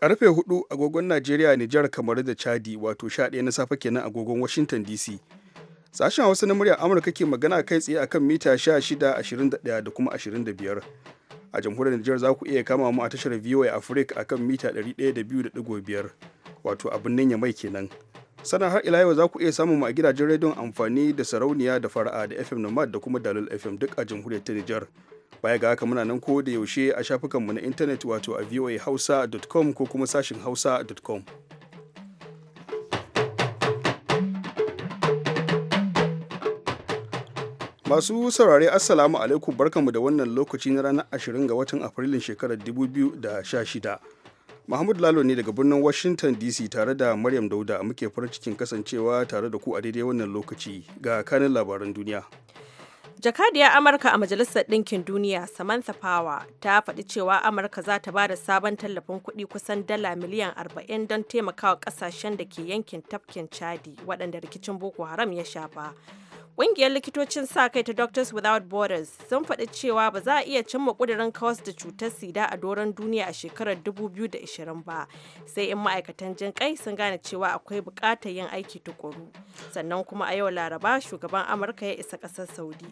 karfe 4 agogon najeriya nijar kamar da chadi wato 11 na safe kenan agogon washington dc sashen hausa na murya amurka ke magana kai tsaye akan mita 16 21 da kuma 25 a jamhuriyar nijar za ku iya kama mu a tashar voa africa akan mita 102.5 wato abin nan ya mai kenan sana har ila yau za ku iya samun mu a gidajen rediyon amfani da sarauniya da fara'a da fm nomad da kuma dalil fm duk a jamhuriyar ta nijar baya ga haka muna nan ko da yaushe a shafukanmu na intanet wato a voahausa.com ko kuma sashin hausa.com masu saurare assalamu alaikum barkanmu da wannan lokaci na ranar 20 ga watan afrilun shekarar 2016 Mahmud Lalo ne daga birnin Washington DC tare da Maryam Dauda muke farin cikin kasancewa tare da ku a daidai wannan lokaci ga kanin labaran duniya. Jakadiyar Amurka a Majalisar Ɗinkin Duniya Samantha Power ta faɗi cewa Amurka za ta ba da sabon tallafin kuɗi kusan dala miliyan 40 don taimakawa ƙasashen da ke yankin tafkin Chadi waɗanda rikicin Boko Haram ya shafa. Ƙungiyar likitocin sa-kai ta Doctors Without Borders sun faɗi cewa ba za a iya cimma ƙudurin kawas da cutar sida a doron duniya a shekarar 2020 ba, sai in ma'aikatan jin kai sun gane cewa akwai buƙatar yin aiki tukuru. Sannan kuma a yau Laraba shugaban Amurka ya isa ƙasar Saudi.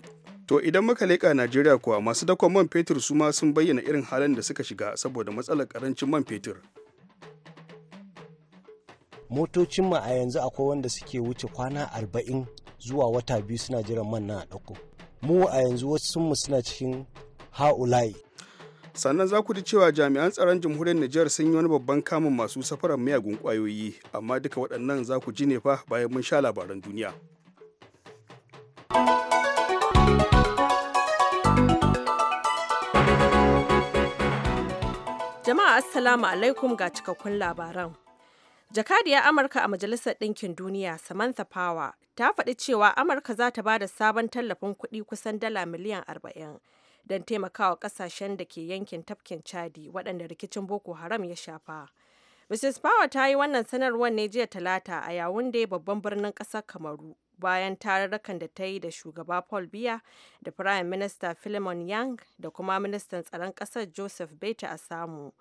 To idan muka leƙa Najeriya kuwa masu dakon man fetur su ma sun bayyana irin halin da suka shiga saboda matsalar karancin man fetur. motocin ma a yanzu akwai wanda suke wuce kwana arba'in zuwa wata biyu suna jiran man na a ɗauko mu a yanzu wasu mu suna cikin ha'ulayi sannan za ku ji cewa jami'an tsaron jamhuriyar Nijar sun yi wani babban kamun masu safarar miyagun kwayoyi amma duka waɗannan za ku ji ne fa bayan mun sha labaran duniya. Jama'a Assalamu alaikum ga cikakkun labaran. Jakadiyar Amurka a Majalisar Ɗinkin Duniya, Samantha Power, ta faɗi cewa Amurka za ta ba da sabon tallafin kuɗi kusan dala miliyan 40 don taimakawa ƙasashen da ke yankin tafkin Chadi waɗanda rikicin Boko Haram ya shafa. Mrs. Power ta yi wannan sanarwar ne jiya Talata a Yawunde babban birnin ƙasar Kamaru bayan tararrakan da ta yi da shugaba Paul Biya da Prime Minista Philemon Yang da kuma ministan tsaron ƙasar Joseph Beta a samu.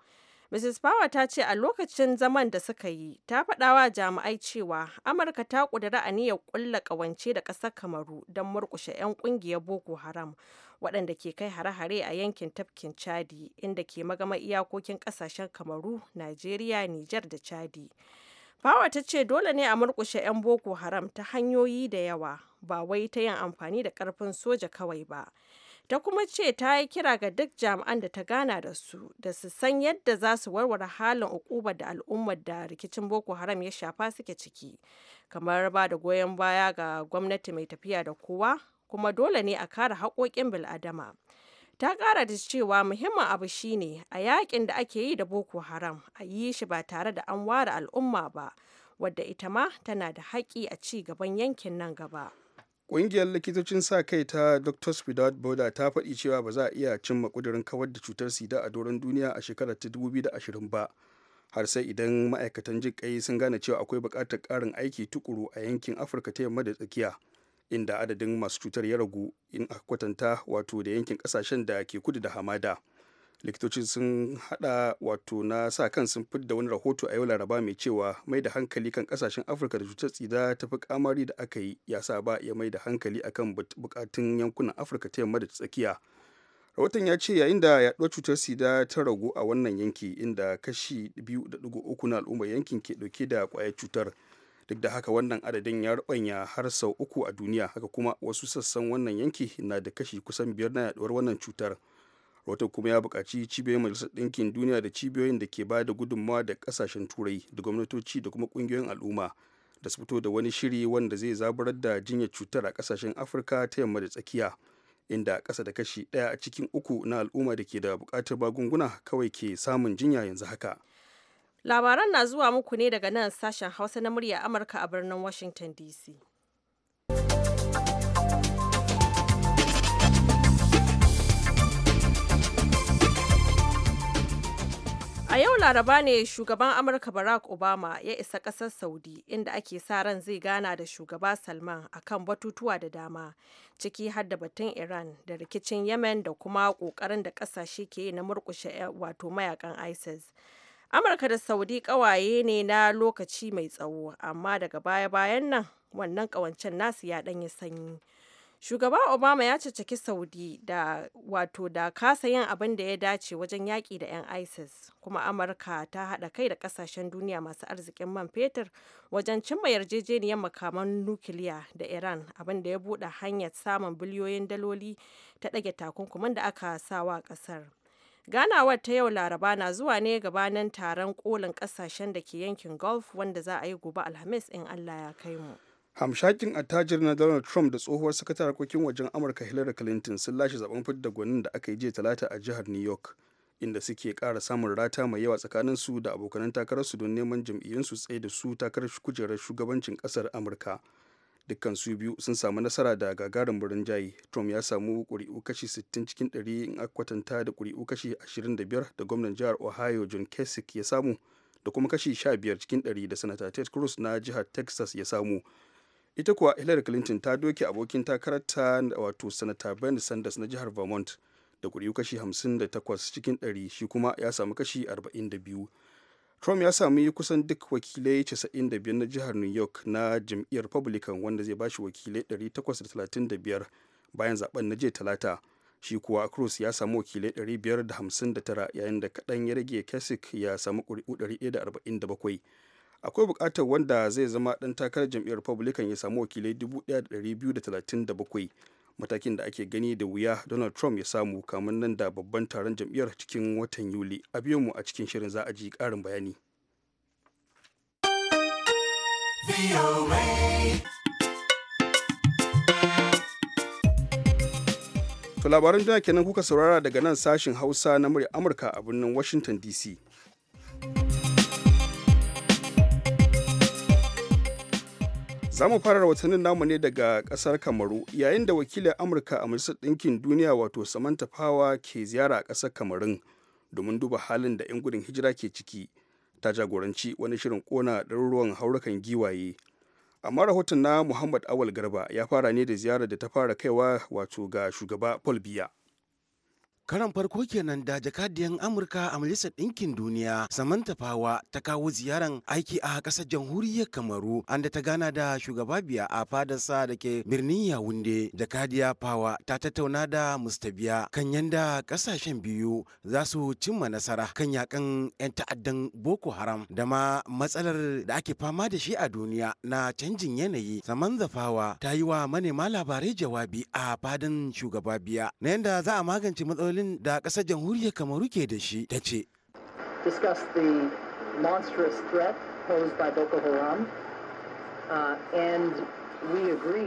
Mrs. Power ta ce a lokacin zaman da suka yi ta faɗawa jami'ai cewa Amurka ta ƙudiri niyyar ƙulla ƙawance da ƙasar Kamaru don murƙushe 'yan ƙungiyar Boko Haram waɗanda ke kai hare-hare a yankin tafkin Chadi inda ke magama iyakokin ƙasashen Kamaru, Najeriya, Nijar da Chadi. Fawa ta ce dole ne a murƙushe 'yan Boko Haram ta hanyoyi da yawa ba wai ta yin amfani da ƙarfin soja kawai ba. ta kuma ce ta yi kira ga duk jami'an da ta gana da su da su san yadda za su warware halin ukubar da al'ummar da rikicin boko haram ya shafa suke ciki kamar ba da goyon baya ga gwamnati mai tafiya da kowa kuma dole ne a kare haƙoƙin bil'adama ta ƙara da cewa muhimmin abu shine a yakin da ake yi da boko haram a yi shi ba tare da an ware al'umma ba wadda ita ma tana da haƙi a ci gaban yankin nan gaba. Ƙungiyar likitocin sa-kai ta Doctors Without Border ta faɗi cewa ba za a iya cimma ƙudurin kawar da cutar sida a doron duniya a shekarar ta 2020 ba, har sai idan ma'aikatan jin sun gane cewa akwai buƙatar ƙarin aiki tukuru a yankin Afirka ta yamma da tsakiya, inda adadin masu cutar ya ragu in aka kwatanta wato da yankin ƙasashen da ke kudu da hamada. likitocin sun hada wato na sa kan sun fidda wani rahoto a yau laraba mai cewa mai da hankali kan kasashen afirka da cutar tsida ta fi kamari da aka yi ya sa ba ya mai da hankali akan bukatun yankunan afirka ta yamma da tsakiya rahoton ya ce yayin da yaduwar cutar tsida ta ragu a wannan yanki inda kashi biyu 2.3 na al'ummar yankin ke ɗauke da kwayar cutar duk da haka wannan adadin ya rubanya har sau uku a duniya haka kuma wasu sassan wannan yanki na da kashi kusan biyar na yaɗuwar wannan cutar wata kuma ya buƙaci cibiyoyin majalisar ɗinkin duniya da cibiyoyin da ke ba da gudunmawa da ƙasashen turai da gwamnatoci da kuma ƙungiyoyin al'umma da su fito da wani shiri wanda zai zaburar da jinyar cutar a ƙasashen afirka ta yamma da tsakiya inda ƙasa da kashi ɗaya a cikin uku na al'umma da ke da buƙatar magunguna kawai ke samun jinya yanzu haka labaran na zuwa muku ne daga nan sashen hausa na murya amurka a birnin washington dc A yau Laraba ne shugaban Amurka Barack Obama ya isa ƙasar Saudi inda ake sa ran zai gana da shugaba Salman a kan batutuwa da dama ciki har da batun Iran da rikicin Yemen da kuma kokarin da kasashe ke na murkushe eh, wato mayakan ISIS. Amurka da Saudi ƙawaye ne na lokaci mai tsawo amma daga baya-bayan nan wannan ƙawancen nasu ya ɗanyi sanyi. shugaba obama ya caccaki saudi da wato da kasa yin abin da ya dace wajen yaƙi da 'yan isis kuma amurka ta haɗa kai da ƙasashen duniya masu arzikin man fetur wajen cimma yarjejeniyar makaman nukiliya da iran abin da ya buɗe hanyar samun biliyoyin daloli ta ɗage takunkumin da aka sawa ƙasar ganawar ta yau laraba na zuwa ne gabanin taron kolin ƙasashen da ke yankin gulf wanda za a yi gobe alhamis in allah ya kai mu hamshakin attajir na donald trump da tsohuwar sakatar harkokin wajen amurka hillary clinton sun lashe zaben fidda gwanin da aka yi jiya talata a jihar new york inda suke ƙara samun rata mai yawa tsakanin su da abokanan su don neman jam'iyyun su tsaye da su takarar kujerar shugabancin kasar amurka dukkan su biyu sun samu nasara da birnin jayi trump ya samu ƙuri'u kashi 60 cikin 100 in aka kwatanta da kuri'u kashi 25 da gwamnan jihar ohio john kasich ya samu da kuma kashi 15 cikin 100 da sanata ted cruz na jihar texas ya samu ita kuwa hillary clinton ta doke abokin takararta wato sanata bernie sanders na jihar vermont da kuri'u kashi 58 cikin 100 shi kuma ya samu kashi 42 trump ya sami kusan duk wakilai 95 na jihar new york na jam'iyyar republican wanda zai bashi wakilai 835 bayan zaben na jiya talata shi kuwa cruz ya samu wakilai 559 yayin da kaɗan ya rage kasich ya samu kuri'u 147 akwai bukatar wanda zai zama ɗan takarar jam'iyyar republican ya samu wakilai 1237 matakin da ake gani da wuya donald trump ya samu kamun nan da babban taron jam'iyyar cikin watan yuli a biyo mu a cikin shirin za a ji karin bayani labaran duniya kenan kuka saurara daga nan sashin Hausa na murya Amurka a birnin Washington DC. Za mu fara rahotannin namu ne daga kasar Kamaru yayin da wakilin Amurka a Majalisar Ɗinkin Duniya wato Samantha fawa ke ziyara a ƙasar Kamarun domin duba halin da 'yan gudun hijira ke ciki. Ta jagoranci wani shirin ƙona ɗaruruwan haurukan giwaye. Amma rahoton na Muhammad Awal Garba ya fara ne da ziyarar da ta fara kaiwa wato ga shugaba Paul Biya. Karan farko kenan da jakadiyan Amurka a Majalisar Ɗinkin Duniya Samantha Fawa ta kawo ziyaran aiki a ƙasar jamhuriyar Kamaru an da ta gana da shugaba biya a fadarsa da ke birnin Yawunde. Jakadiya Fawa ta tattauna da Mustabiya kan yanda ƙasashen biyu za su cimma nasara kan yakan 'yan ta'addan Boko Haram da ma matsalar da ake fama da shi a duniya na canjin yanayi. Samantha Fawa ta yi wa manema labarai jawabi a fadin shugaba biya na yanda za a magance matsaloli. matsalolin da ƙasar jamhuriyar kamaru ke da shi ta ce the uh, and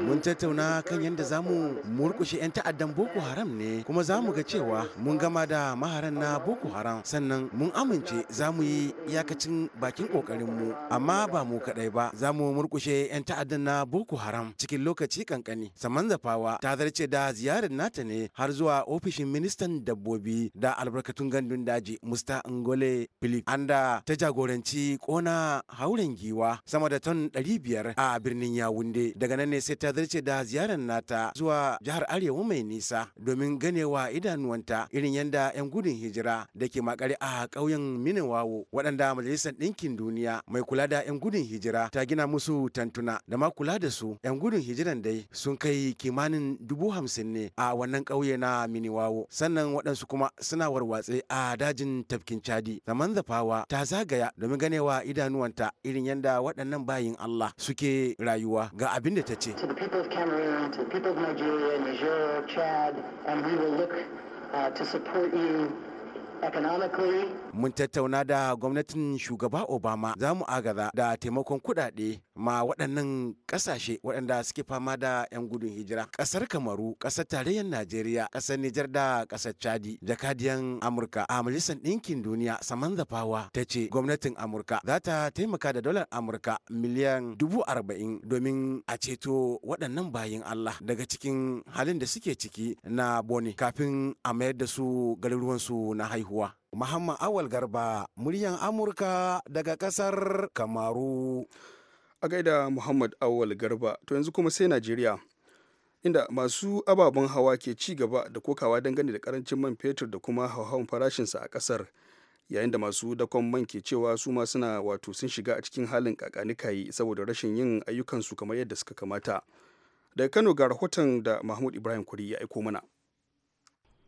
mun tattauna kan yadda za mu murkushe 'yan ta'addan boko haram ne kuma za mu ga cewa mun gama da maharan na boko haram sannan mun amince za mu yi iyakacin bakin mu amma ba mu kaɗai ba za mu murkushe 'yan ta'addan na boko haram cikin lokaci kankani saman zafawa ta zarce da ziyarar nata ne har zuwa ofishin ministan dabbobi da albarkatun gandun daji musta ngole philip anda ta jagoranci kona hauren giwa sama da ton 500 a birnin yawunde daga nan ne sai ta zarce da ziyarar nata zuwa jihar arewa mai nisa domin ganewa idanuwanta irin yadda 'yan gudun hijira da ke makare a ƙauyen miniwawo waɗanda majalisar ɗinkin duniya mai kula da 'yan gudun hijira ta gina musu tantuna da ma kula da su 'yan gudun hijiran dai sun kai kimanin dubu hamsin ne a wannan ƙauye na miniwawo sannan waɗansu kuma suna warwatse a dajin tafkin cadi zaman zafawa ta zagaya domin ganewa idanuwanta irin yadda waɗannan bayin allah suke rayuwa ga abin abin da ta ce uh, Mun tattauna da gwamnatin shugaba Obama za mu agaza da taimakon kudade ma waɗannan ƙasashe waɗanda suke fama da 'yan gudun hijira ƙasar kamaru ƙasar tarayyar najeriya ƙasar nijar da ƙasar chadi jakadiyan amurka a majalisar ɗinkin duniya saman Zafawa ta ce gwamnatin amurka za ta taimaka da dolar amurka miliyan dubu arba'in domin a ceto waɗannan bayin allah daga cikin halin da suke ciki na bone kafin a mayar da su garuruwansu na haihuwa Muhammad Awal Garba, muryan Amurka daga ƙasar Kamaru. a gaida Muhammad Awal Garba to yanzu kuma sai Najeriya inda masu ababen hawa ke ci gaba da kokawa dangane da karancin man fetur da kuma hauhawan farashinsa a kasar yayin da masu dakon man ke cewa su ma suna wato sun shiga a cikin halin kakanikayi saboda rashin yin ayyukansu kamar yadda suka kamata daga kano ga rahoton da mahmud ibrahim kuri ya aiko mana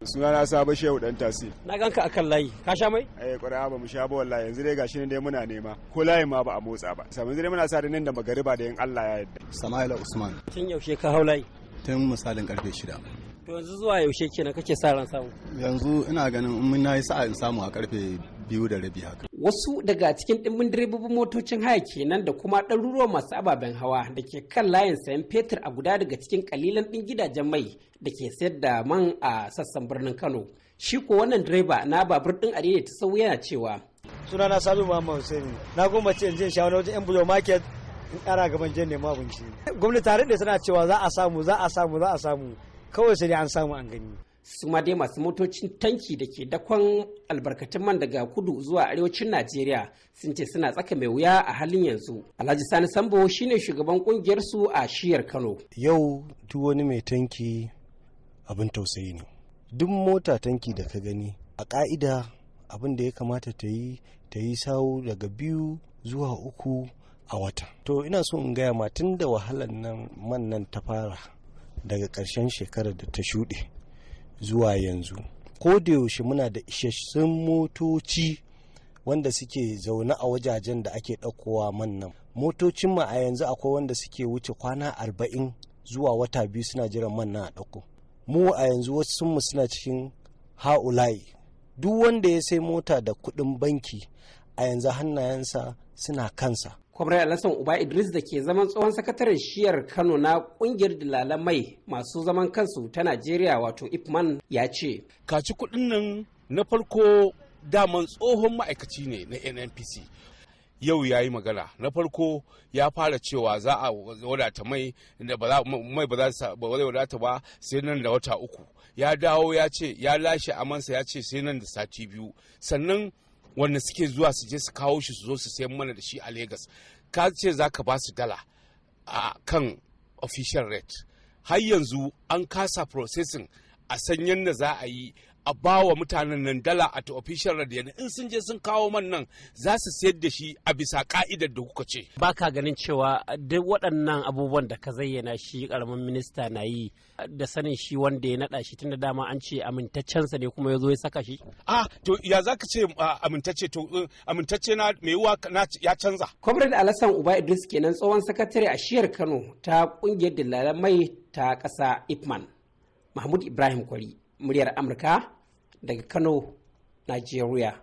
suna na sabon shehu dan tasi na ganka akan layi ka sha mai eh ƙwarai ba mu sha ba wallahi yanzu dai gashi ne dai muna nema ko layi ma ba a motsa ba sai yanzu dai muna sa da nan da magariba da yin Allah ya yarda Sama'ila Usman tun yaushe ka hau layi tun misalin karfe shida. to yanzu zuwa yaushe kenan kake sa ran samu yanzu ina ganin mun nayi sa'a in samu a karfe biyu da rabi haka. Wasu daga cikin ɗimbin direbobin motocin haya kenan da kuma ɗaruruwa masu ababen hawa da ke kan layin sayan fetur a guda daga cikin kalilan ɗin gidajen mai da ke sayar da man a sassan birnin Kano. Shi ko wannan direba na babur ɗin Adeyi ta sau yana cewa. Sunana Sabi Muhammad Hussaini na goma ce in je shawarar wajen yan market in ƙara gaban je nema abinci. Gwamnati tare da suna cewa za a samu za a samu za a samu kawai sai an samu an gani. su ma dai masu motocin tanki da ke dakon albarkatun man daga kudu zuwa arewacin najeriya sun ce suna tsaka mai wuya a halin yanzu alhaji sani sambo shine shugaban kungiyar su a shiyar kano yau duk wani mai tanki abin tausayi ne duk mota tanki da ka gani a ka'ida abin da ya kamata ta yi ta yi sawu daga biyu zuwa uku a wata to ina so in gaya ma tun da wahalar nan man nan ta fara daga ƙarshen shekarar da ta shuɗe zuwa yanzu ko da yaushe muna da isassun motoci wanda suke zaune a wajajen da ake ɗaukowa man nan motocin ma a yanzu akwai wanda suke wuce kwana arba'in zuwa wata biyu suna jiran manna a ɗauko mu a yanzu wasu mu suna cikin ha'ulai duk wanda ya sai mota da kuɗin banki a yanzu hannayensa suna kansa kwamrai Alhassan, uba idris da ke zaman tsohon sakataren shiyar kano na kungiyar dalalamai mai masu zaman kansu ta najeriya wato ipman ya ce kaci kudin nan na farko daman tsohon ma'aikaci ne na nnpc yau ya yi magana na farko ya fara cewa za a wadata mai ba mai ba za ba zai wadata ba sai nan da wata uku ya dawo ya ce ya lashe amansa ya ce sai nan da sati biyu sannan wanda suke zuwa su je su kawo shi su zo su sayan mana da shi a Legas ka ce za ka ba su dala a kan official rate har yanzu an kasa processing a san da za a yi a ba wa mutanen nan dala at official radio in sun je sun kawo man nan za su sayar da shi a bisa ka'idar da kuka ce. Ba ka ganin cewa duk waɗannan abubuwan da ka zayyana shi karamin minista na yi da sanin shi wanda ya naɗa shi tunda dama an ce amintaccensa ne kuma ya zo ya saka shi. Ah to ya za ka ce amintacce to eh, amintacce na mai yiwuwa ya canza. Comrade Alassan Uba Idris kenan tsohon sakatare a shiyar Kano ta ƙungiyar dillalan mai ta ƙasa Ipman. Mahmud Ibrahim Kwari. muryar amurka daga kano nigeria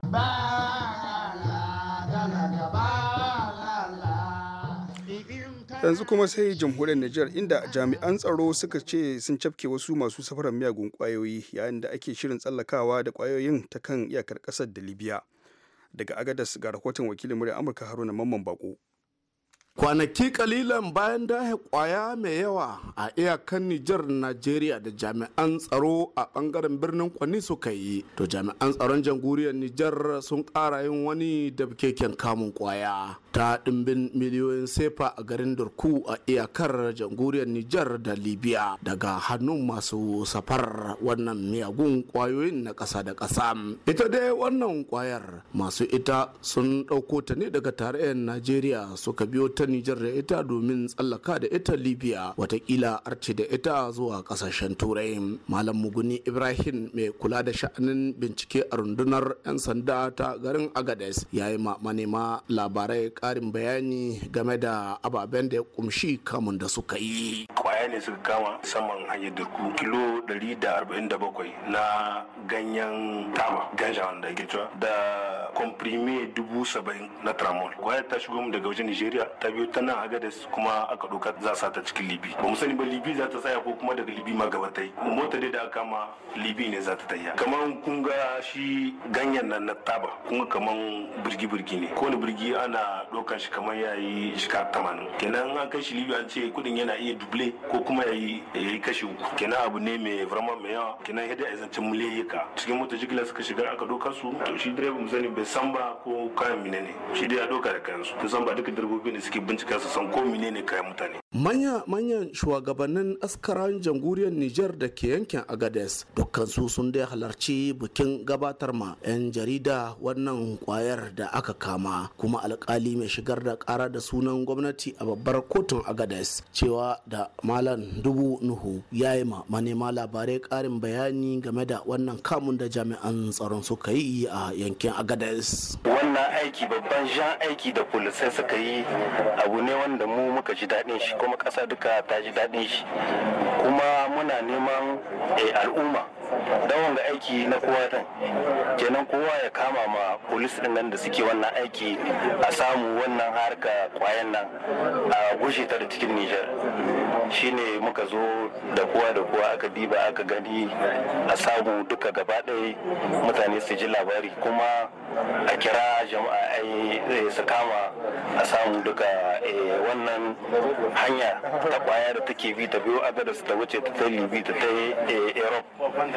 yanzu kuma sai jamhuriyar Nijar inda jami'an tsaro suka ce sun cafke wasu masu safarar miyagun kwayoyi yayin da ake shirin tsallakawa da kwayoyin ta kan iyakar ƙasar da Libya. Daga Agadas ga rahoton wakilin muryar Amurka Haruna Mamman Bako. kwanaki kalilan bayan dahe kwaya mai yawa a iyakan nijar najeriya da jami'an tsaro a bangaren birnin kwani suka yi to jami'an tsaron janguriyar nijar sun kara yin wani da keken kamun kwaya ta dimbin miliyoyin sefa a garin durku a iyakar janguriyar nijar da libya daga hannun masu safar wannan miyagun kwayoyin na ƙasa da ƙasa ita dai wannan kwayar masu ita sun ɗauko ta ne daga tarayyar najeriya suka biyo ta ita Nijar da ita domin tsallaka da ita Libya watakila arce da ita zuwa kasashen Turai. Malam Muguni Ibrahim mai kula da sha'anin bincike a rundunar 'yan sanda ta garin Agades ya yi manema labarai karin bayani game da ababen da ya kumshi kamun da suka yi. kaya ne suka kama saman hanyar durku kilo 147 na ganyen taba ganja wanda ake cewa da komprime dubu na tramol kwayar ta shigo mu daga wajen nigeria ta biyu ta nan agades kuma aka doka za sa ta cikin libi ba sani ba libi za ta tsaya ko kuma daga libi ma gaba ta yi mota dai da aka kama libi ne za ta tayya kamar kun ga shi ganyen nan na taba kun kamar birgi-birgi ne kowane birgi ana ɗaukar shi kamar yayi ka tamanin kenan an kai shi libi an ce kudin yana iya duble ko kuma ya yi kashi uku kenan abu ne mai vraiment mai yawa kenan yadda ya zance muliyika cikin mota jigilar suka shiga aka doka su to shi direba mu bai san ba ko kayan menene shi dai ya doka da kayan su san ba duka direbobin da suke bincika su san ko menene kayan mutane manya-manyan shugabannin askaran jamhuriyar niger da ke yankin agades dukkansu sun dai halarci bikin gabatar ma 'yan jarida wannan kwayar da aka kama kuma alkali mai shigar da kara da sunan gwamnati a babbar kotun agades cewa da malam dubu nuhu ya yi ma manema labarai karin bayani game da wannan kamun da jami'an tsaron suka yi a yankin agades wannan aiki babban jan aiki da suka yi abu ne wanda mu muka ji daɗin shi kuma ƙasa duka ta ji daɗin shi kuma muna neman eh, al'umma dawon wanga aiki na kowa ta kenan kowa ya kama ma polis din nan da suke wannan aiki a samu wannan harka kwayan nan a gushe ta da cikin Nijar shine muka zo da kowa da kowa aka diba aka gani a samu duka gaba ɗaya mutane su ji labari kuma a kira jama'a eh, su kama a samu duka eh, wannan hanya ta kwaya da take bi ta biyo su ta wuce ta ta libi ta ta eh, europe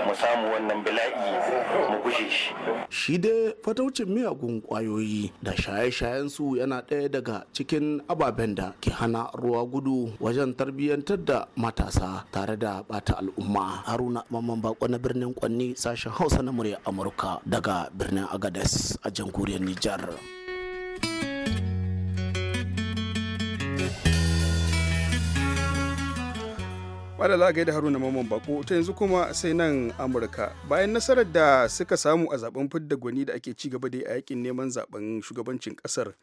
mu samu wannan bila'i mu gushe shi shi dai fataucin miyagun kwayoyi da shaye-shayen su yana ɗaya daga cikin ababen da ke hana ruwa gudu wajen tarbiyyantar da matasa tare da bata al'umma haruna mamman bako na birnin kwanni sashen hausa na murya amurka daga birnin agades a jamhuriyar nijar a gaida haruna mamman bako ta yanzu kuma sai nan amurka bayan nasarar da suka samu a zaben fidda gwani da ake ci gaba da a yakin neman zaben shugabancin kasar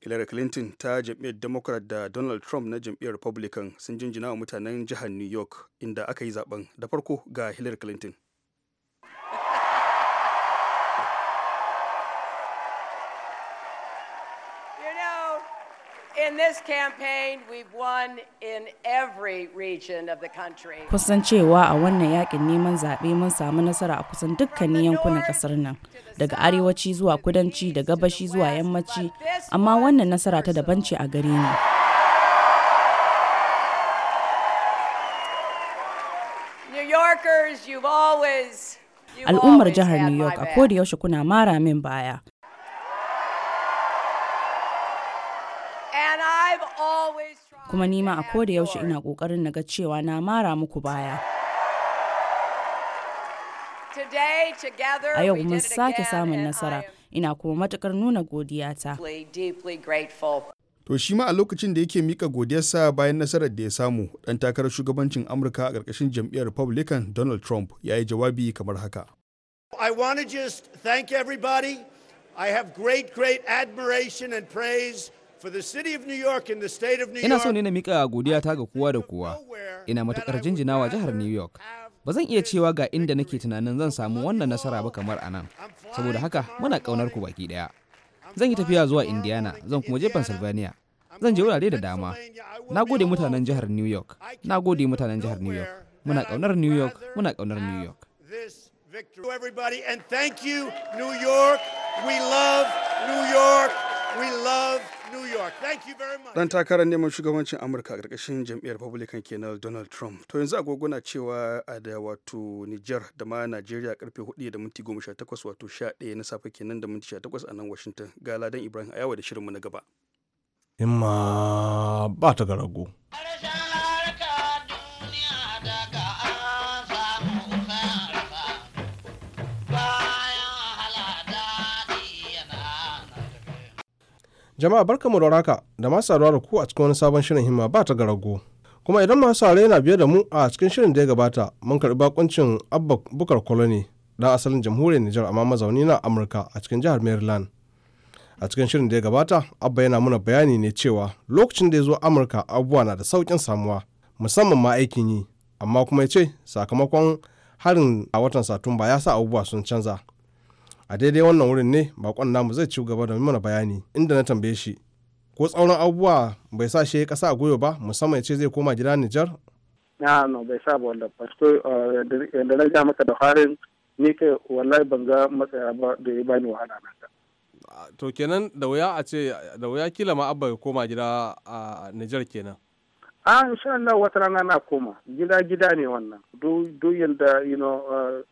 hillary clinton ta jam'iyyar democrat da donald trump na jam'iyyar republican sun jinjina wa mutanen jihar new york inda aka yi zaben da farko ga hillary clinton Kusan cewa a wannan yakin neman zaɓe mun samu nasara a kusan dukkanin yankunan ƙasar nan, daga arewaci zuwa kudanci da gabashi zuwa yammaci, amma wannan nasara ta daban ce a gare ni. Al'ummar jihar New York a koda yaushe kuna mara min baya. kuma nima a ko da yaushe ina kokarin na ga cewa na mara muku baya a yau mun sake samun nasara ina kuma matukar nuna godiyata to shi ma a lokacin da yake mika godiyarsa bayan nasarar da ya samu dan takarar shugabancin amurka a ƙarƙashin jam'iyyar republican donald trump ya yi jawabi kamar haka i want to just thank everybody i have great great admiration and praise Ina so ne na miƙa godiya ta ga kowa da kowa. Ina matuƙar jinjinawa jihar New York. Ba zan iya cewa ga inda nake tunanin zan samu wannan nasara ba kamar a nan. Saboda haka muna ƙaunar ku baki ɗaya. Zan yi tafiya zuwa Indiana, zan kuma je Pennsylvania. Zan je wurare da dama. Na gode mutanen jihar New York. Na gode mutanen jihar New York. Muna ƙaunar New York, muna ƙaunar New York. We love New York. We love New York. Thank you very much. Dan takarar neman shugabancin Amurka a ƙarƙashin jam'iyyar Republican kenan Donald Trump. To yanzu agogona cewa a da wato Niger da ma nigeria karfe 4 da minti 18 wato 11 na safe kenan da minti 18 a nan Washington. Ga Ladan Ibrahim a yawa da shirinmu na gaba. Imma ba ta garago. Jama'a barkamu da da masu saduwa da ku a cikin wani sabon shirin himma ba ta garago. Kuma idan masu saurare yana biye da mu a cikin shirin da ya gabata mun karbi bakuncin Abba Bukar Koloni dan asalin jamhuriyar Nijar amma mazauni na Amurka a cikin jihar Maryland. A cikin shirin da ya gabata Abba yana muna bayani ne cewa lokacin da ya zo Amurka abubuwa na da saukin samuwa musamman ma aikin yi amma kuma ya ce sakamakon harin a watan Satumba ya sa abubuwa sun canza a daidai wannan wurin ne bakon namu zai ci gaba da mana bayani inda na tambaye shi ko tsauran abubuwa bai sa shi kasa a goyo ba musamman ce zai koma gida Nijar? Na no bai sa ba wanda pasto uh, da na ga maka da farin ni kai wallahi ban ga matsaya ba da ya bani wahala na ta. To kenan da wuya a ce da wuya kila ma abba ya koma gida a Nijar kenan. A insha Allah wata rana na koma gida gida ne wannan duk yanda you know uh,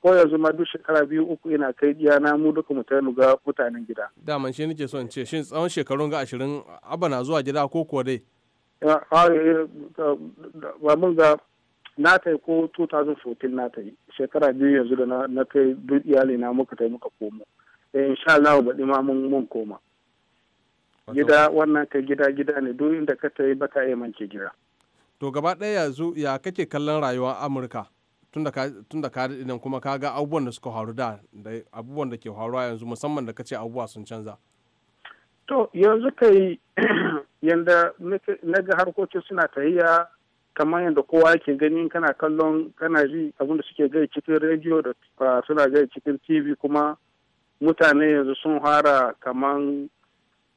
ko yanzu ma duk shekara biyu uku ina kai na mu duka mu mu ga mutanen gida daman shi nake son ce shin tsawon shekarun ga ashirin abba na zuwa gida ko kuwa dai eh, eh, ba mun ga na ta ko 2014 na ta yi shekara biyu yanzu da na kai duk iyali na muka ta muka komo eh, insha Allah ba ma mun koma gida wannan kai gida gida ne duk inda ka ta yi baka iya mance gida to gaba ɗaya yanzu ya kake kallon rayuwar Amurka tun da ka daɗi kuma ka ga abubuwan da suka faru da abubuwan da ke faruwa yanzu musamman da ka ce abubuwa sun canza. To yanzu kai yadda na ga harkokin suna tahiya kamar yadda kowa yake gani kana kallon kana ji abin da suke gai cikin rediyo da suna gai cikin tv kuma mutane yanzu sun fara kamar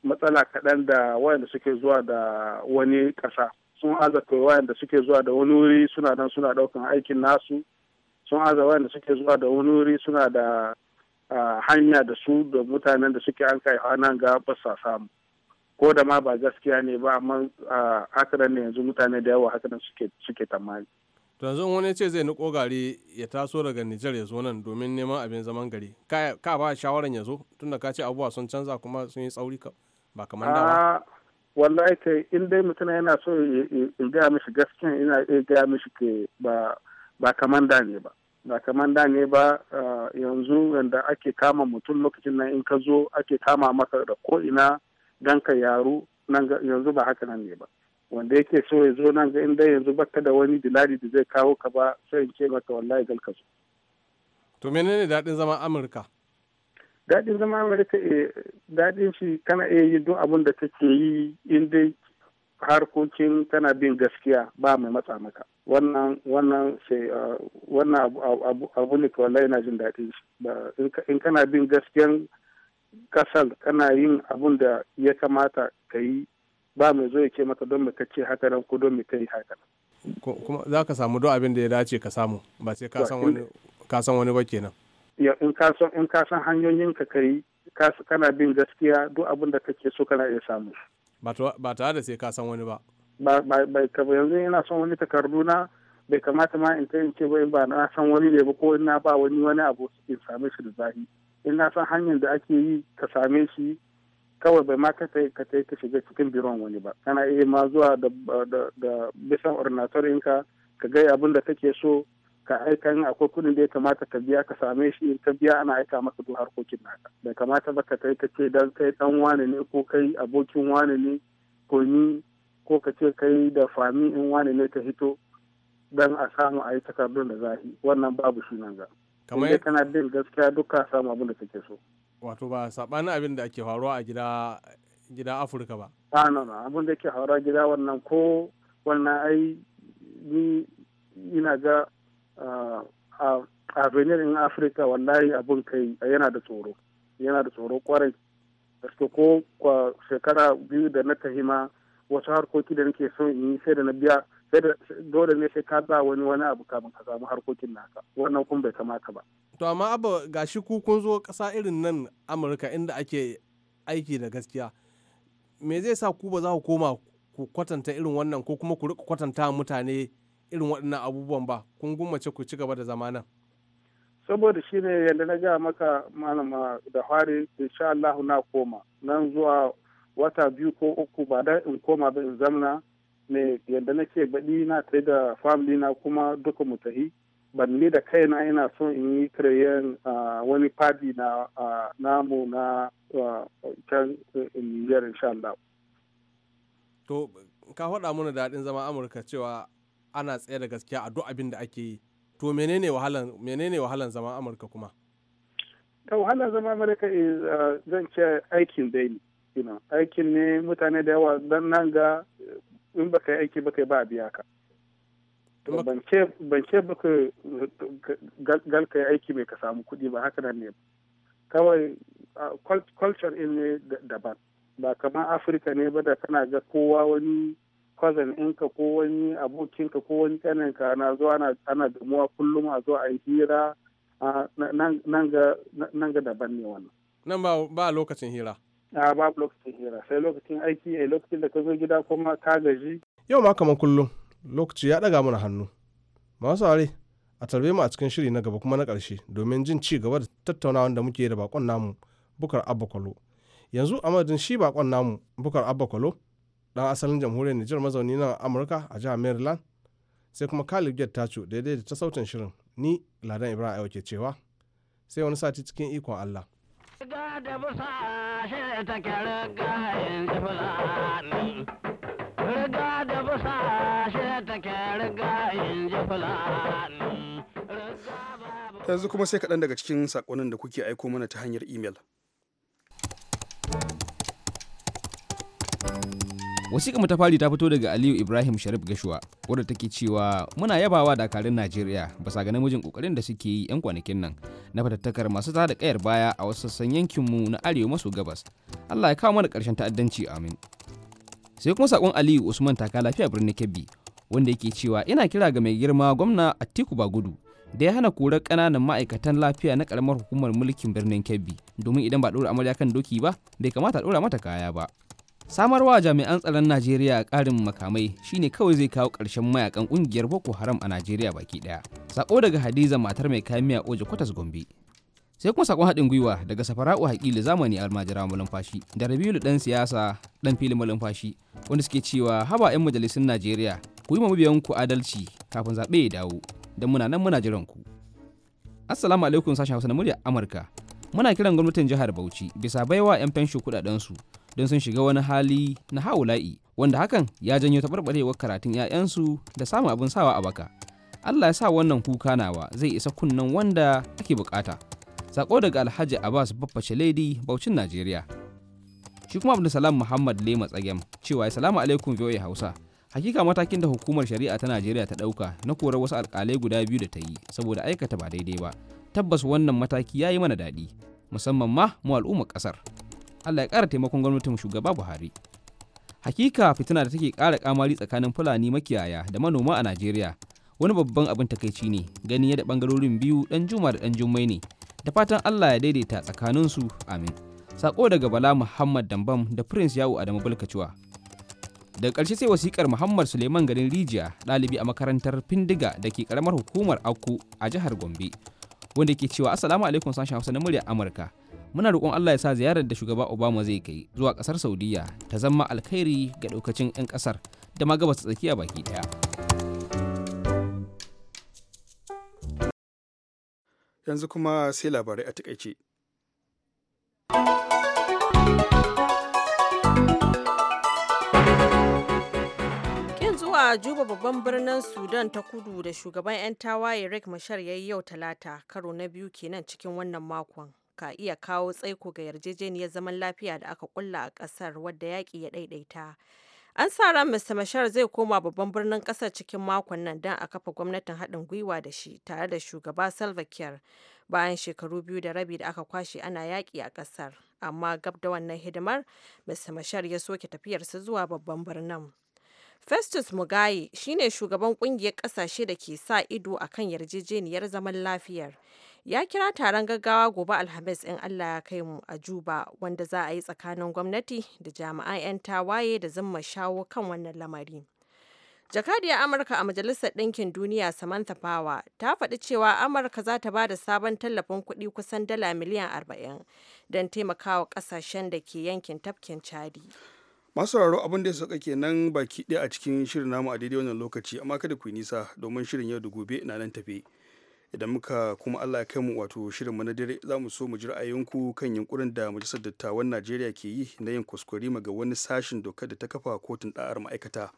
matsala kaɗan da wayanda suke zuwa da wani ƙasa. sun aza kai wayanda suke zuwa da wani wuri suna nan suna daukan aikin nasu sun aza wayanda suke zuwa da wani wuri suna da hanya da su da mutanen da suke an kai nan ga basa samu ko da ma ba gaskiya ne ba amma haka ne yanzu mutane da yawa haka suke suke tamani to yanzu wani ce zai niko gari ya taso daga Nijar ya zo nan domin neman abin zaman gari ka ba shawaran ya zo tunda ka ce abubuwa sun canza kuma sun yi tsauri ba kamar da ba wallahi kai in dai mutum yana so in gaya mishi gaskiya ina iya gaya mishi ke ba kamanda ne ba ba kamanda ne ba yanzu yanda ake kama mutum lokacin nan in ka zo ake kama maka da ko ina dan ka yaro nan yanzu ba haka nan ne ba wanda yake so ya zo nan ga in dai yanzu baka da wani dilari da zai kawo ka ba sai in ce maka wallahi galka so to menene daɗin zama amurka daɗin zama amurka eh, daɗin shi kana iya yin duk abin da ke yi inda harkokin tana bin gaskiya ba mai matsa maka wannan wannan sai eh, wannan abu ne kawai yana jin daɗin shi in kana bin gaskiyan kasan kana yin abun da ya kamata ka yi ba mai zo ya ce maka don ka ce haka nan ko don ka yi haka nan kuma za ka samu duk abin da ya dace ka samu ba sai ka san wani ba kenan in ka san hanyoyin ka kai ka kana bin gaskiya duk abin da kake so kana iya samu ba tare da sai ka san wani ba ba ba yanzu ina son wani takardu na bai kamata ma in ta in ce bai ba na san wani ne ba ko ina ba wani wani abu in same shi da zahi in na san hanyar da ake yi ka same shi kawai bai ma ka ta ka ta ka shiga cikin biron wani ba kana iya ma zuwa da bisan ordinator ka gaya abin da kake so ka aika in akwai kudin da ya kamata ka biya ka same shi in ka biya ana aika maka duk harkokin naka bai kamata ba ka kai ka ce dan kai dan wane ne ko kai abokin wane ne ko ni ko ka ce kai da fami in wane ne ta hito dan a samu a yi takardun da zahi wannan babu shi nan ga kamar kana bin gaskiya ka samu abin da kake so wato ba sabanin abin da ake faruwa a gida gida afirka ba a no abin da ke faruwa gida wannan ko wannan ai ni ina ga Ah, a benin in afirka wallahi abin kai yana da tsoro yana da tsoro kwarai gaske ko shekara biyu da na tahima wasu harkoki da nake son yi sai da na biya sai da dole ne sai ka za wani wani abu kafin ka samu harkokin naka wannan kun bai kamata ba to amma abu gashi ku kun zo kasa irin nan amurka inda ake aiki da gaskiya me zai sa ku ba za ku koma ku kwatanta irin wannan ko kuma ku rika kwatanta mutane irin waɗannan abubuwan ba kun gummace ku ci gaba da zama saboda shi ne yadda na gaya maka malama ah, da fari insha Allah na koma nan zuwa wata biyu ko uku ba da in koma ba in zamna ne yadda nake baɗi na tare da family na kuma duka mutahi ban ni da kaina ina so in yi kireyen ah, wani fadi na ah, namu na can eh, Niger insha Allah. To, ka faɗa mana daɗin zama Amurka cewa ana tsaye da gaskiya a duk abin da ake yi to menene wahalan menene wahalan zama amurka kuma da eh, wahalan zama amurka eh, zan ce aikin daily aikin ne mutane da yawa dan nan ga eh, in baka yi aiki baka ba a biya ka ban ce baka gal ka yi aiki mai ka samu kuɗi ba haka nan ne kawai culture in ne daban ba kamar afirka ne ba da kana ga kowa wani kwazan ɗinka ko wani abokinka ko wani ƙaninka na zo ana damuwa kullum a zo a yi hira nan ga daban ne wannan. Nan ba lokacin hira. A ba lokacin hira sai lokacin aiki a eh, lokacin da ka zo gida kuma ka gaji. Yau ma kamar kullum lokaci ya ɗaga mana hannu. Masu ware a tarbe mu a cikin shiri na gaba kuma na ƙarshe domin jin ci gaba da tattaunawa da muke da bakon namu Bukar Abba Kwalo. Yanzu a madadin shi bakon namu Bukar Abba Kwalo dan asalin jamhuriyar Nijar mazauni na Amurka a jihar Maryland sai kuma Khalid Get Tacho daidai da ta sautin shirin ni Ladan Ibrahim Ayo ke cewa sai wani sati cikin ikon Allah. Riga da Yanzu kuma sai kaɗan daga cikin saƙonin da kuke aiko mana ta hanyar imel. wasiƙa ta fari ta fito daga aliyu ibrahim sharif gashuwa wadda take cewa muna yabawa dakarun najeriya basa ga namijin kokarin da suke yi yan kwanakin nan na fatattakar masu ta da ƙayar baya a wasu sassan yankinmu na arewa maso gabas allah ya kawo mana ƙarshen ta'addanci amin sai kuma sakon aliyu usman taka lafiya birnin kebbi wanda yake cewa ina kira ga mai girma gwamna atiku bagudu da ya hana korar ƙananan ma'aikatan lafiya na ƙaramar hukumar mulkin birnin kebbi domin idan ba ɗora amarya kan doki ba bai kamata a ɗora mata kaya ba samarwa jami'an tsaron najeriya ƙarin makamai shine kawai zai kawo ƙarshen mayakan ƙungiyar boko haram a najeriya baki ɗaya sako daga hadiza matar mai kayan miya oje kwatas gombe sai kuma sakon haɗin gwiwa daga safara'u haƙili zamani almajira malumfashi da rabiulu ɗan siyasa ɗan filin malumfashi wanda suke cewa haba 'yan majalisun najeriya ku yi ma mabiyanku adalci kafin zaɓe ya dawo da muna nan muna jiran ku assalamu alaikum sashen hausa na murya amurka muna kiran gwamnatin jihar bauchi bisa baiwa 'yan fenshi su. don sun shiga wani hali na haula'i wanda hakan ya janyo taɓarɓarewar karatun 'ya'yansu da samun abin sawa a baka allah ya sa wannan kuka nawa zai isa kunnen wanda ake bukata sako daga alhaji abbas baffa lady baucin najeriya shi kuma abdulsalam muhammad lema tsagem cewa salamu alaikum voa hausa hakika matakin da hukumar shari'a ta najeriya ta ɗauka na korar wasu alkalai guda biyu da ta yi saboda aikata ba daidai ba tabbas wannan mataki ya yi mana daɗi musamman ma mu al'ummar ƙasar allah ya ƙara taimakon gwamnatin shugaba buhari hakika fitina da take kara kamari tsakanin fulani makiyaya da manoma a najeriya wani babban abin takaici ne gani yadda bangarorin biyu dan juma da dan jummai ne da fatan allah ya daidaita tsakaninsu amin sako daga bala muhammad dambam da prince yawo adamu balkacuwa daga ƙarshe sai wasikar muhammad suleiman garin rijiya ɗalibi a makarantar findiga da ke ƙaramar hukumar akku a jihar gombe wanda ke cewa assalamu alaikum sashen hausa na murya amurka muna roƙon allah ya sa ziyarar da shugaba obama zai kai zuwa ƙasar saudiya ta zama alkhairi ga ɗaukacin 'yan ƙasar da ma gabas tsakiya baki ɗaya yanzu kuma sai labarai a takaice a juba babban birnin sudan ta kudu da shugaban 'yan tawaye rick mashar ya yi yau talata karo na biyu kenan cikin wannan makon ka iya kawo tsaiko ga yarjejeniyar zaman lafiya da aka kulla a kasar wadda yaƙi ya ɗaiɗaita an sa ran mr mashar zai koma babban birnin kasar cikin makon nan don a kafa gwamnatin haɗin gwiwa da shi tare da shugaba salva bayan shekaru biyu da rabi da aka kwashe ana yaƙi a kasar amma gab da wannan hidimar mr mashar ya soke tafiyarsa zuwa babban birnin Festus Mugaye shine shugaban kungiyar kasashe da ke sa ido a kan yarjejeniyar zaman lafiyar. Ya kira taron gaggawa gobe Alhamis in Allah ya kai mu a Juba wanda za a yi tsakanin gwamnati da jami'an 'yan tawaye da zama shawo kan wannan lamari. Jakadiyar Amurka a Majalisar Ɗinkin Duniya Samantha Power ta faɗi cewa Amurka za ta ba da sabon tallafin kuɗi kusan dala miliyan 40 don taimakawa ƙasashen da ke yankin tafkin Chadi. masu sauraro abin da ya ke nan baki ɗaya a cikin shirin namu a daidai wannan lokaci amma kada ku yi nisa domin shirin yau da gobe na nan tafe idan muka kuma Allah ya kai mu wato shirin mu na dare za mu so mu ji ra'ayinku kan yunkurin da majalisar dattawan Najeriya ke yi na yin kuskure ga wani sashen dokar da ta kafa kotun ɗa'ar ma'aikata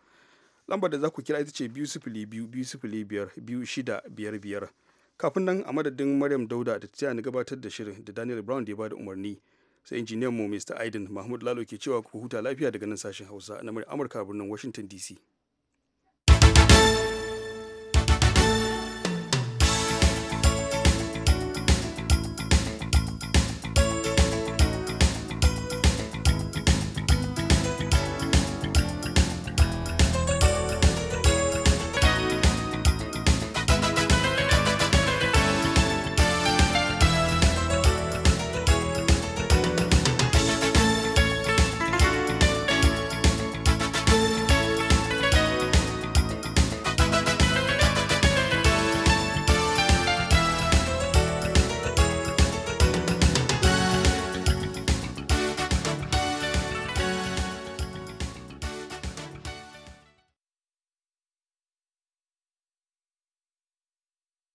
lambar da za ku kira ita ce biyu sifili biyu biyu sifili biyar biyu shida biyar biyar kafin nan a madadin Maryam Dauda da ta ni gabatar da shirin da Daniel Brown da ya bada umarni sai injiniyan mu mr aiden mahmud lalo ke cewa ku huta lafiya daga nan sashen hausa na amurka birnin washington dc